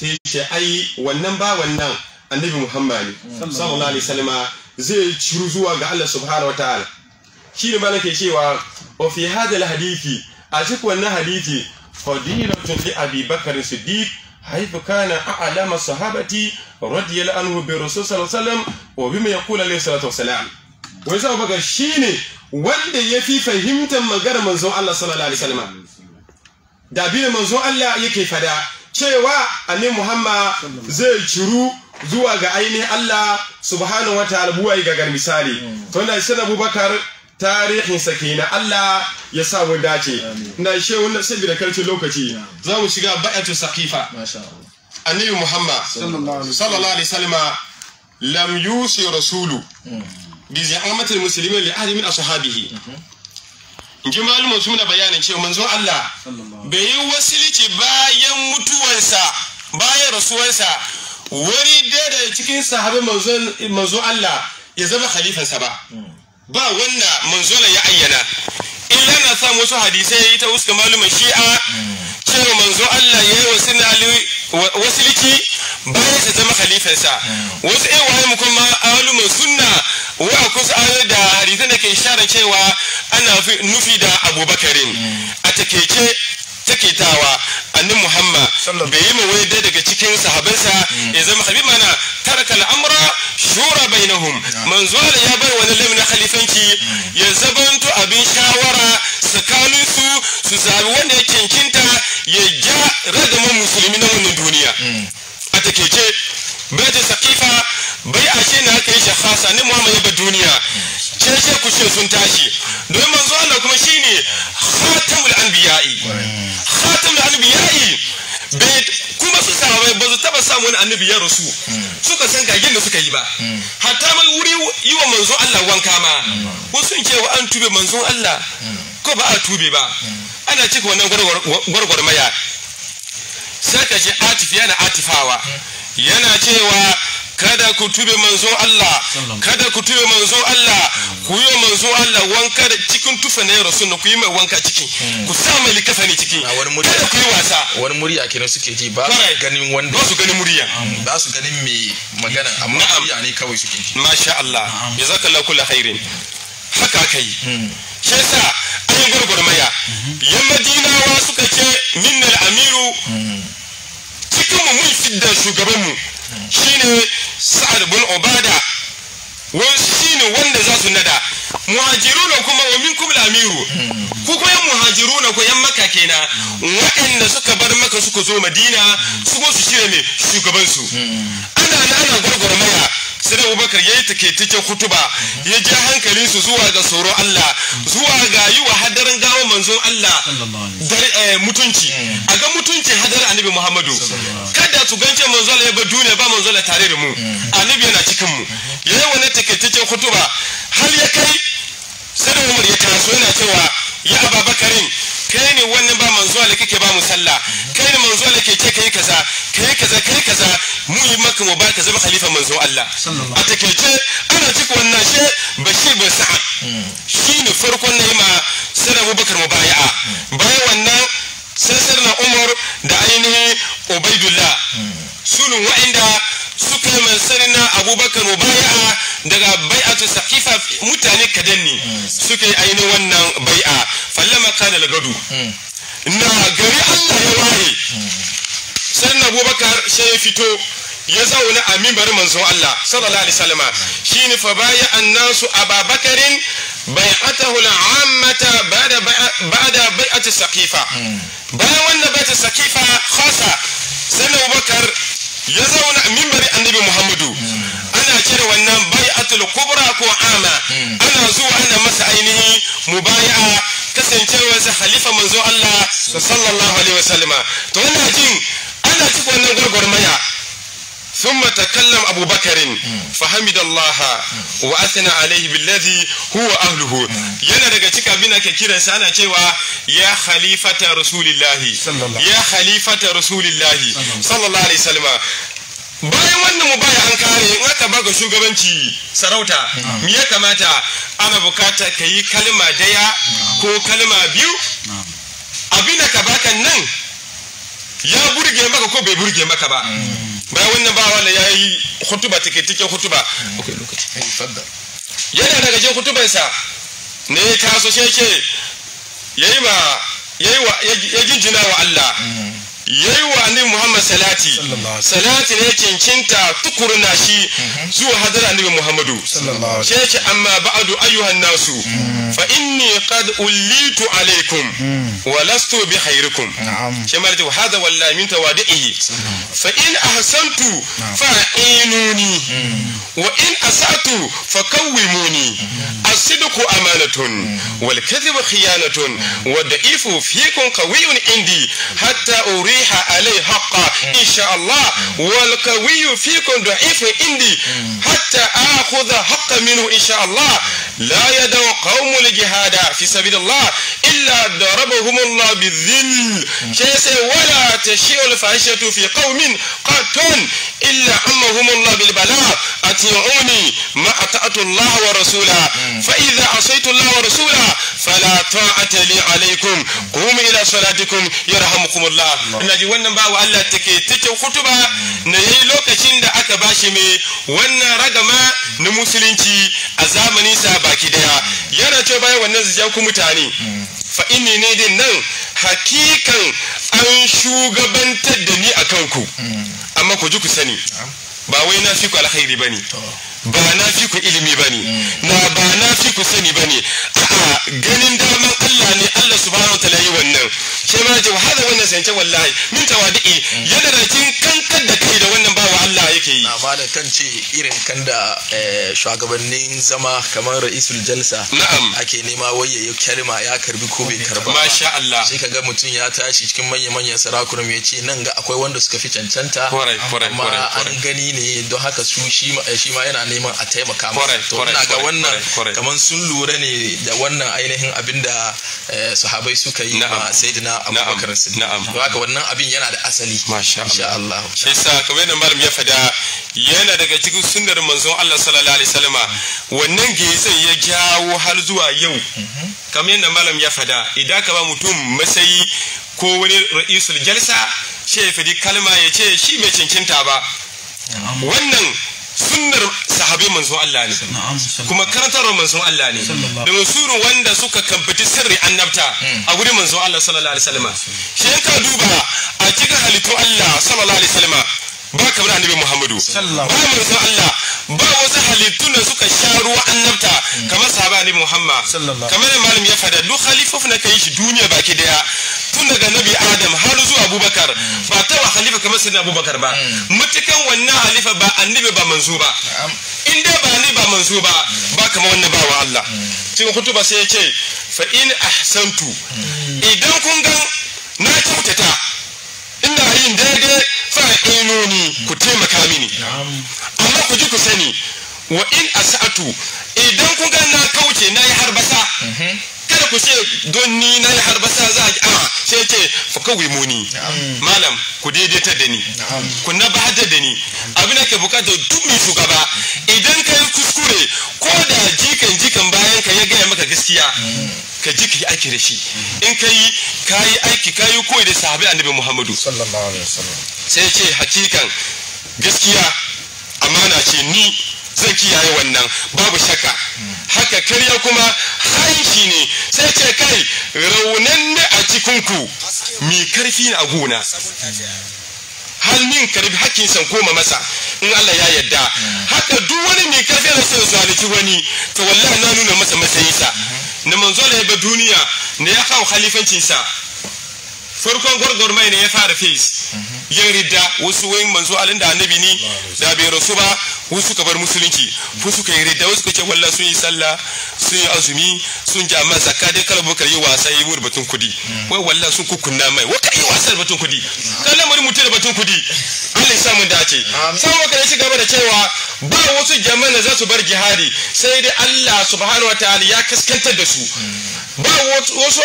sai ce ai wannan ba wannan annabi muhammad sallallahu alaihi wasallama zai ciru zuwa ga Allah subhanahu wataala shi ne malam ke cewa wa fi hadal hadithi a cikin wannan hadithi fadilatun li abi bakr siddiq haifu kana a'lama sahabati radiyallahu anhu bi rasul sallallahu alaihi wasallam wa bima yaqulu alaihi salatu wasalam wai sai wanda ya fi fahimtar maganar manzon Allah sallallahu alaihi wasallam da bi manzon Allah yake fada cewa annabi Muhammad zai ciru zuwa ga ainihin Allah subhanahu wa ta'ala buwai ga gar misali hmm. to na shi Abubakar tarihin sa Allah ya sa mu dace na shi wannan da karshen lokaci za mu shiga bai'atu saqifa annabi Muhammad sallallahu alaihi wasallam lam yusi rasulu hmm. bi zi'amatil muslimin li ahli min ashabihi hmm. ji malumin suna bayanin cewa manzon Allah bai yi wasilici bayan mutuwarsa bayan rasuwarsa wani da cikin sahabi manzon Allah ya zama khalifansa ba hmm. ba wanda manzon ya ayyana illa na samu wasu hadisai ta uska malumin shi'a hmm. cewa manzo Allah ya yi wasiliki bayan sa zama khalifansa hmm. wasu ɗaya wani kuma malumin sunna wa kusa da hadisai da ke ishara cewa ana nufi da abubakarin a takeke takitawa annin muhammad bai yi dai daga cikin sahabansa ya zama habi mana taraka al'amura shura bainahum manzo da ya bar wani lamin khalifanci ya zabanto abin shawara tsakanin su su zabi wanda ya cancinta ya ja ragaman musulmi na wannan duniya hmm. a takeke bai sakifa bai ashe na kasa ne mu ba duniya ce ce ku ce sun tashi domin manzo Allah kuma shine khatamul anbiya'i khatamul anbiya'i bai kuma su sahabai ba su taba wani annabi ya rasu suka san gagin da suka yi ba hatta mai wuri yi wa manzo Allah wanka ma wasu in wa an tube manzo Allah ko ba a tube ba ana cika wannan gwargwar maya sai ka ce atifi yana atifawa yana cewa kada ku tube manzon Allah kada ku tube manzon Allah ku yi manzon Allah wanka da cikin tufa ne yaro ku yi mai wanka ciki hmm. ku sa mai likafa ne ciki kada ku yi wasa wani murya kenan suke ji ba su ganin wanda ba su ganin murya hmm. ba su ganin mai magana amma murya ne kawai suke ji masha Allah jazakallahu kullu khairin haka kai hmm. shi yasa an gurgurmaya yan madinawa suka ce minnal amiru cikin mu mun fidda shugaban mu shine sa'ad bin obada wani shine wanda za su nada muhajiruna kuma wa minkum lamiru ku kuma yan muhajiruna ko yan maka kenan waɗanda suka bar maka suka zo madina su su shirya ne shugabansu ana na ana gwargwarmaya sai abubakar ya yi takaitaccen kutuba ya ji hankalin su zuwa ga tsoro allah zuwa ga yi wa hadarin gawa manzon allah eh, mutunci a ga mutunci hadar annabi muhammadu kada su gance manzon allah ya bar duniya ba manzon allah tare da mu annabi yana cikin mu ya yi wani takaitaccen kutuba har ya kai sai umar ya taso yana cewa ya ababakarin kai ne wannan ba manzo Allah kake ba mu sallah kai ne manzo Allah ke kai kaza kai kaza kai kaza mu yi maka mu baka zama khalifa manzo Allah a ce ana cika wannan she Bashir bin Sa'ad shine farkon ne ma sai Abubakar mubaya'a bayan wannan sai sai na Umar da ainihi Ubaidullah sunun wa'inda suka yi na abubakar mubaya'a daga bai'atu sakifa mutane kadan ne mm. suka yi ainihin wannan bai da lagadu na gari Allah ya waye sannan Abubakar sai ya fito ya zauna a mimbar manzon Allah sallallahu alaihi wasallam shine fa baya annasu ababakarin bai'atahu al'ammata ba'da ba'da bai'ati saqifa bayan wannan bai'ati saqifa khasa sannan Abubakar ya zauna a mimbarin annabi Muhammadu ana cire wannan bai'atul kubra ko ana. Hmm. ana zuwa ana masa ainihi ainihin mubaya'a kasancewarsa halifa manzo Allah sallallahu alaihi wasallama to wannan jin ana ci wannan gwargwarmaya ثم تكلم أبو بكر فحمد الله وأثنى عليه بالذي هو أهله yana daga cika bina ke kiran sa ana cewa ya khalifata rasulillahi ya khalifata rasulillahi sallallahu alaihi salima. bayan wannan mubaya an kare in ga shugabanci sarauta mi ya kamata ana bukata ka yi kalma daya ko kalma biyu abin da ka baka nan ya burge maka ko bai burge maka ba mm. bayan wannan ba wala ya yi hutuba take take hutuba mm. yana daga jin hutubansa ne ya taso shi yake yayi ma yayi wa ya jinjina wa Allah mm. yayi wa annabi Muhammad salati salati ne cincinta tukurna shi mhm. zuwa hadar annabi Muhammadu shi amma ba'adu ayyuhan nasu mhm. fa inni qad ullitu alaikum mhm. wa lastu bi khairikum shi marji wa hada wallahi min tawadihi fa in ahsantu fa'inuni wa in asatu fakawwimuni as-sidqu amanatun wal kadhibu khiyanatun wa da'ifu fikum qawiyyun indi hatta uri عليها عليه حقا إن شاء الله والقوي فيكم ضعيف عندي حتى آخذ حق منه إن شاء الله لا يدعو قوم الجهاد في سبيل الله إلا ضربهم الله بالذل كيس ولا تشيء الفاحشة في قوم قاتون إلا أمهم الله بالبلاء أتيعوني ما أطعت الله ورسوله فإذا عصيت الله ورسوله fala ta'ata alaikum qum ila salatikum yarhamukumullah ina ji wannan bawo Allah take take hutuba na yi lokacin da aka bashi mai wannan ragama na musulunci a zamanin sa baki daya yana ce bai wannan zijan ku mutane fa inni ne din nan hakikan an shugabantar da ni a kanku amma ku ji ku sani ba wai na fi ku alkhairi bane ba na fi ku ilimi bane na ba na fi ku sani bane ganin daman Allah ne Allah subhanahu wa ta'ala yi wannan sai ma ji wa hada wannan sance wallahi min tawadi'i yana da kin kankan da kai da malam kan ce irin kan da eh, shugabannin zama kamar ra'isul jalsa ake nema waye ya kalma ya karbi ko bai karba masha Allah sai kaga mutum ya tashi cikin manya manyan sarakuna ya ce nan ga akwai wanda suka fi cancanta amma an gani ne don haka su shi ma eh, yana neman a taimaka masa to ina ga wannan kamar sun lura ne da wannan ainihin abin da eh, sahabai suka yi ma sayyidina Abubakar Siddiq don haka wannan abin yana da asali masha Allah shi sa kamar yadda malam ya fada yana daga cikin sunnar manzon Allah sallallahu alaihi wasallama wannan gezan ya jawo har zuwa yau kamar yadda malam ya fada idan ka ba mutum masayi ko wani ra'isul jalsa ce ya fadi kalma ya ce shi bai cincinta ba wannan sunnar sahabi manzon Allah ne kuma karantarwar manzon Allah ne domin surun wanda suka kamfaci sirri annabta hmm. a gurin manzon Allah sallallahu alaihi wasallam shi ka duba a cikin halittu Allah sallallahu alaihi wasallam ba kamar annabi muhammadu ba manzo Allah ba wasu halittun da suka sha ruwa annabta kamar sahaba annabi muhammad kamar malam ya fada duk halifofin na kai shi duniya baki daya tun daga nabi adam har zuwa abubakar ba ta wa halifa kamar sai abubakar ba mutukan hmm. wannan halifa ba annabi ba manzo ba in dai ba ni ba manzo ba ba kamar wannan ba wa Allah hmm. cikin kutuba sai ya ce fa in ahsantu hmm. idan kun ga na kyautata ina yin daidai sa'inuni ku taimaka mini amma ku ji ku sani wa in asatu idan ku ga na kauce na yi harbasa mhm. kada ku ce don ni na yi harbasa za a muni malam ku daidaita da ni ku na bada da ni abin da ke bukata duk mai shugaba idan ka yi kuskure ko da jikan jikan bayan ka ya gaya maka gaskiya ka ji ka yi aiki da shi in ka yi ka yi aiki ka yi koyi da sahabi annabi muhammadu sai ce hakikan gaskiya amana ce ni zan kiyaye wannan babu shakka haka karya kuma hanshi ne sai ce kai raunan ne a cikinku mai karfi na gona hannun karfi hakkin san koma masa in Allah ya yarda haka duk wani mai karfi da son zalici wani to wallahi na nuna masa matsayinsa na manzo da ya ba duniya ne ya kawo khalifancinsa farkon mai ne ya fara fes. Mhm. yin ridda wasu wayin manzo alin da annabi ni da bai rasu ba wasu ka bar musulunci wasu suka yi ridda wasu ka ce wallah sun yi sallah sun yi azumi sun ji amma zakka dai kala bakar yi wasa yi mur batun kudi mm. wai wallah sun kukunna mai wai kai wasa batun kudi mm. kana mari mutu da batun kudi Allah ya samu dace sai waka ne gaba da cewa ba wasu jama'a za su bar jihadi sai dai Allah subhanahu wataala ya kaskantar da su mm. ba wasu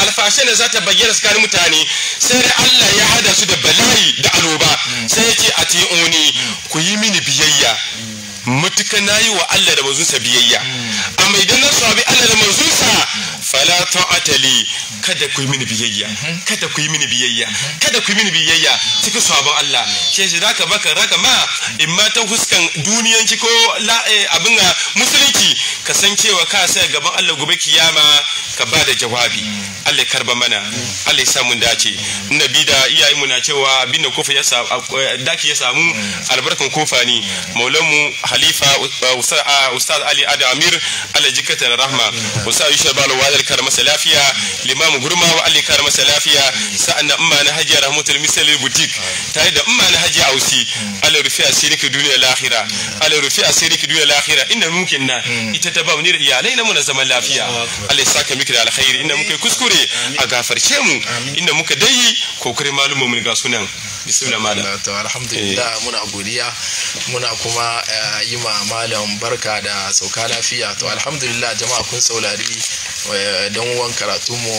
alfashe da za ta bayyana tsakanin mutane sai da Allah ya hada su da bala'i da aloba sai ya ce a oni ku yi mini biyayya mutuka na yi wa Allah da mazunsa biyayya amma idan na sabi Allah da mazunsa fala ta'atali kada ku yi mini biyayya kada ku yi mini biyayya kada ku yi mini biyayya cikin sabon Allah shi shi zaka baka raka ma in ma ta huskan duniyanci ko eh, abin a musulunci ka san cewa ka sai gaban Allah gobe kiyama ka ba da jawabi Allah ya karba mana Allah ya sa mun dace nabi da iyaye mu na cewa abin da kofa ya samu daki ya samu albarkan kofa ne maulamu halifa uh, uh, ustaz ali adamir Allah jikata rahma ustaz yusha balwa ya masa lafiya limamu gurmawa wa ya masa lafiya sa'anna umma na hajiya rahmatul misali butik tare da umma na hajiya ausi Allah rufi asiriki duniya lahira Allah rufi asiriki duniya lahira ina mukin na ita ta ba mu ne da iyalai na mu na zaman lafiya Allah ya saka miki da alkhairi inda muka kuskure a gafarce mu inda muka dai kokarin malumin mu ga sunan bismillah to alhamdulillah eh. muna godiya muna kuma eh, yi malam barka da sauka lafiya to alhamdulillah jama'a kun saurari eh, don uwan karatunmu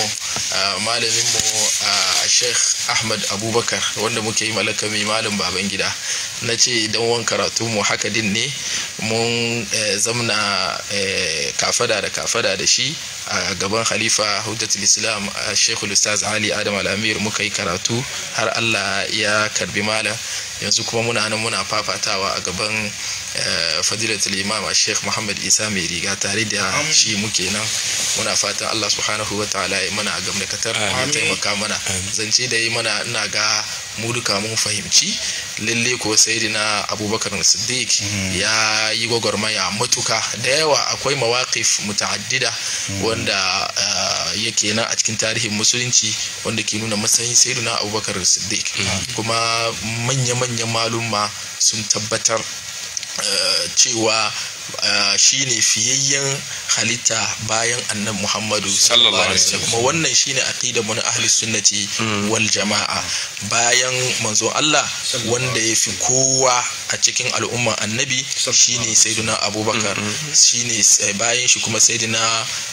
malaminmu Sheikh Ahmad Abubakar wanda muke yi malakami malam baban gida na ce don uwan karatunmu mu haka din ne mun zamna kafada da kafada da shi a gaban khalifa hujjatul islam shekul ustaz ali adam al'amir muka yi karatu har allah ya karbi malam yanzu kuma muna nan muna fafatawa a gaban Eh, fadilatul imam sheikh muhammad isa mai riga tare da shi muke nan muna fatan allah subhanahu wa ta'ala ya mana gamdakatar ya taimaka mana zance da yi mana ina ga mu duka mun fahimci lalle ko sayyidina abubakar siddiq mhm. ya yi gwagwarmaya matuka da yawa akwai mawaqif muta'addida mhm. wanda eh, yake nan a cikin tarihin musulunci wanda ke nuna matsayin sayyidina abubakar siddiq kuma manya-manyan malumma sun tabbatar uh, Tiwa Ah, shine fiyayyen halitta bayan annan muhammadu sallallahu alaihi wasallam kuma wannan shine aqida mun ahli sunnati hmm. wal jama'a bayan manzo Allah wanda ya fi kowa a cikin al'umma annabi shine sayyidina abubakar hmm, hmm. shine eh, bayan shi kuma sayyidina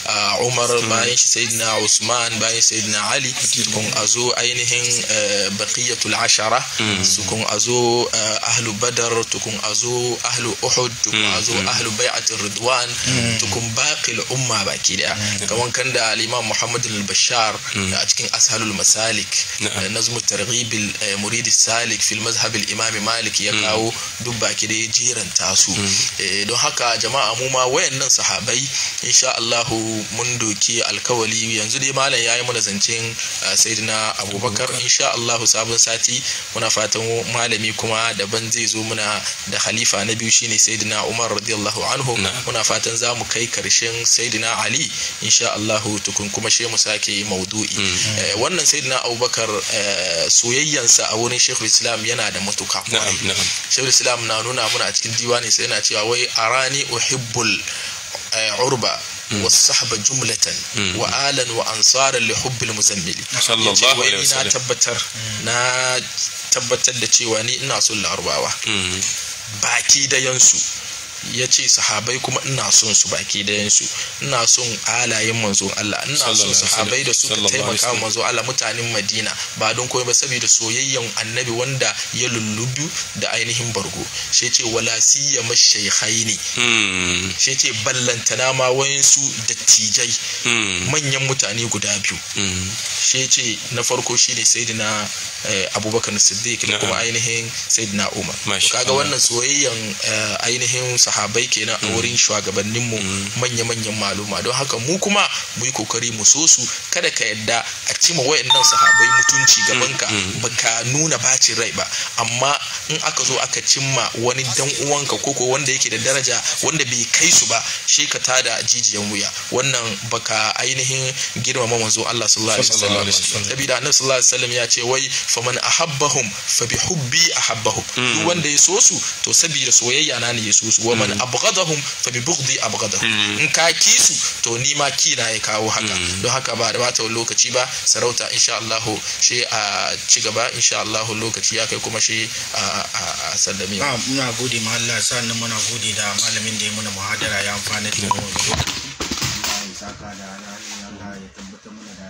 ah, umar bayan shi sayyidina usman bayan sayyidina ali kun azo ainihin eh, baqiyatul ashara su kun azo eh, ahlu badar tukun azo ahlu uhud tukun azo ahlu ahlu bai'atir ridwan hmm. tukun baqil umma baki daya hmm. kaman kan da al-imam muhammad al-bashar hmm. a cikin ashalul masalik eh, nazmu targhib al-murid eh, salik al-madhhab al-imam malik ya kawo duk baki da jiran tasu eh, don haka jama'a mu ma wayannan sahabai insha Allah mun doki alkawali yanzu dai malam yayi mana zancen sayyidina abubakar insha Allah sabon sati muna fatan malami kuma daban zai zo muna da khalifa na biyu shine sayyidina umar radiyallahu radiyallahu anhu muna fatan za mu kai karshen sayyidina ali insha Allah tukun kuma shi mu sake maudu'i mm. eh, wannan sayyidina abubakar eh, soyayyansa a wurin shekul islam yana da matuka shekul islam na nuna muna a cikin diwani sai yana cewa wai arani uhibbul eh, urba والصحبة جملة وآلا وأنصارا لحب المزمل صلى الله عليه وسلم na tabbatar na tabbatar da cewa ni ina son larabawa mm. baki da ya ce sahabai kuma ina son su baki dayansu ina son alayen manzon Allah ina son sahabai da ka taimaka manzon Allah mutanen Madina ba don komai ba saboda soyayyan annabi wanda ya lullubi da ainihin bargo shi ce wala siya mashaihaini hmm. shi ce ballantana ma su dattijai hmm. manyan mutane guda biyu hmm. shi ce na farko shine sayyidina eh, abubakar siddiq da kuma ainihin sayyidina umar kaga wannan soyayyen eh, ainihin sahabai kenan a mm. wurin shugabannin mu mm. manya-manyan maluma don haka mu kuma mu yi kokari mu so su kada ka yadda a cima wayannan sahabai mutunci gaban ka mm, baka nuna bacin rai ba amma in aka zo aka cimma wani dan uwanka koko wanda yake da daraja wanda bai kai su ba shi ka tada jijiyan wuya wannan baka ainihin girmama manzo Allah sallallahu alaihi wasallam sabida annabi sallallahu alaihi wasallam ya ce wai faman ahabbahum fa bi hubbi ahabbahum duk wanda ya so su to sabida soyayya na ne ya so su wa man abghadahum fa bi bughdi abghadahum mm. in ka ki su to ni ma ki na ya kawo haka mm. don haka ba da bata lokaci ba sarauta insha Allah shi a ci gaba insha Allah lokaci ya kai kuma shi a sallame muna gode ma Allah sannan muna gode da malamin da ya muna muhadara ya amfana da mu saka da Allah ya tabbatar mana da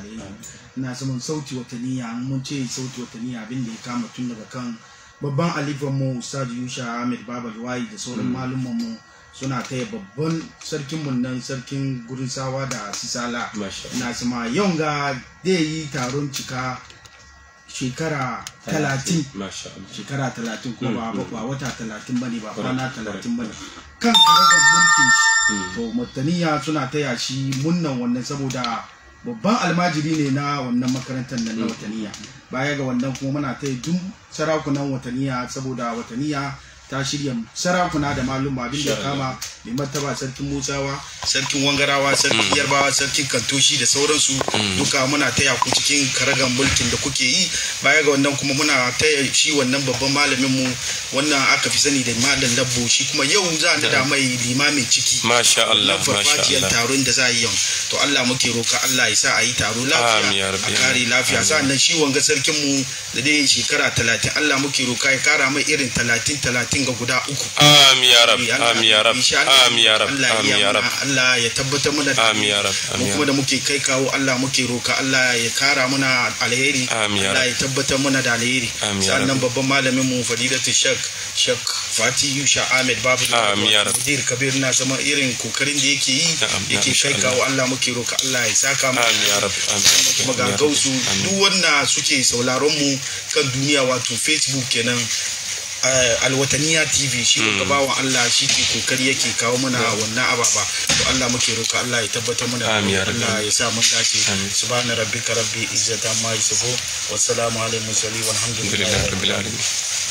ina zaman sauti wataniya mun ce sauti wataniya abin da ya kama tun daga kan babban alifan mu ustaz yusha ahmed babal wayi da sauran hmm. malumman mu suna taya babban sarkin mun nan sarkin gurin sawa da sisala na sama yau ga zai yi taron cika shekara talatin shekara talatin ko ba hmm, hmm. ba wata talatin ba ne ba kwana talatin ba ne kan karagar mulkin shi to mutaniya suna taya shi munnan wannan saboda babban almajiri ne na wannan makarantar nan na mm. wataniya baya ga wannan kuma muna ta duk sarakunan wataniya saboda wataniya ta shirya sarakuna da maluma abin da kama mai martaba sarkin musawa sarkin wangarawa sarkin mm. yarbawa sarkin kantoshi da sauransu mm. duka muna taya ku cikin karagan mulkin da kuke yi baya ga wannan kuma muna taya shi wannan babban malamin mu wannan aka fi sani da malam dabbo shi kuma yau za ni da mai limamin ciki masha Allah Allah taron da za a yi yau to Allah muke roka Allah ya sa a yi taro lafiya a kare lafiya sa'annan shi wanga sarkin mu da dai shekara talatin Allah muke roka ya kara mai irin talatin talatin mutum ga guda uku amin ya rab amin ya rab amin ya rab amin ya rab Allah ya tabbatar mana da amin ya rab mu kuma da muke kai kawo Allah muke roka Allah ya kara muna alheri Allah ya tabbatar mana da alheri sannan babban malamin mu fadilatu shak shak Fati Yusha Ahmed Babu Mudir Kabir na zama irin kokarin da yake yi yake kai kawo Allah muke roka Allah ya saka mu kuma ga gausu duk wanda suke sauraron mu kan duniya wato Facebook kenan Eh, alwataniya tv shi ga hmm. wa Allah shi ke kokari yake kawo mana wannan ababa to Allah muke roka Allah ya tabbatar mana Allah ya sa mun dace subhana rabbika rabbi izzati amma yasifun wa salamu alal mursalin walhamdulillahi rabbil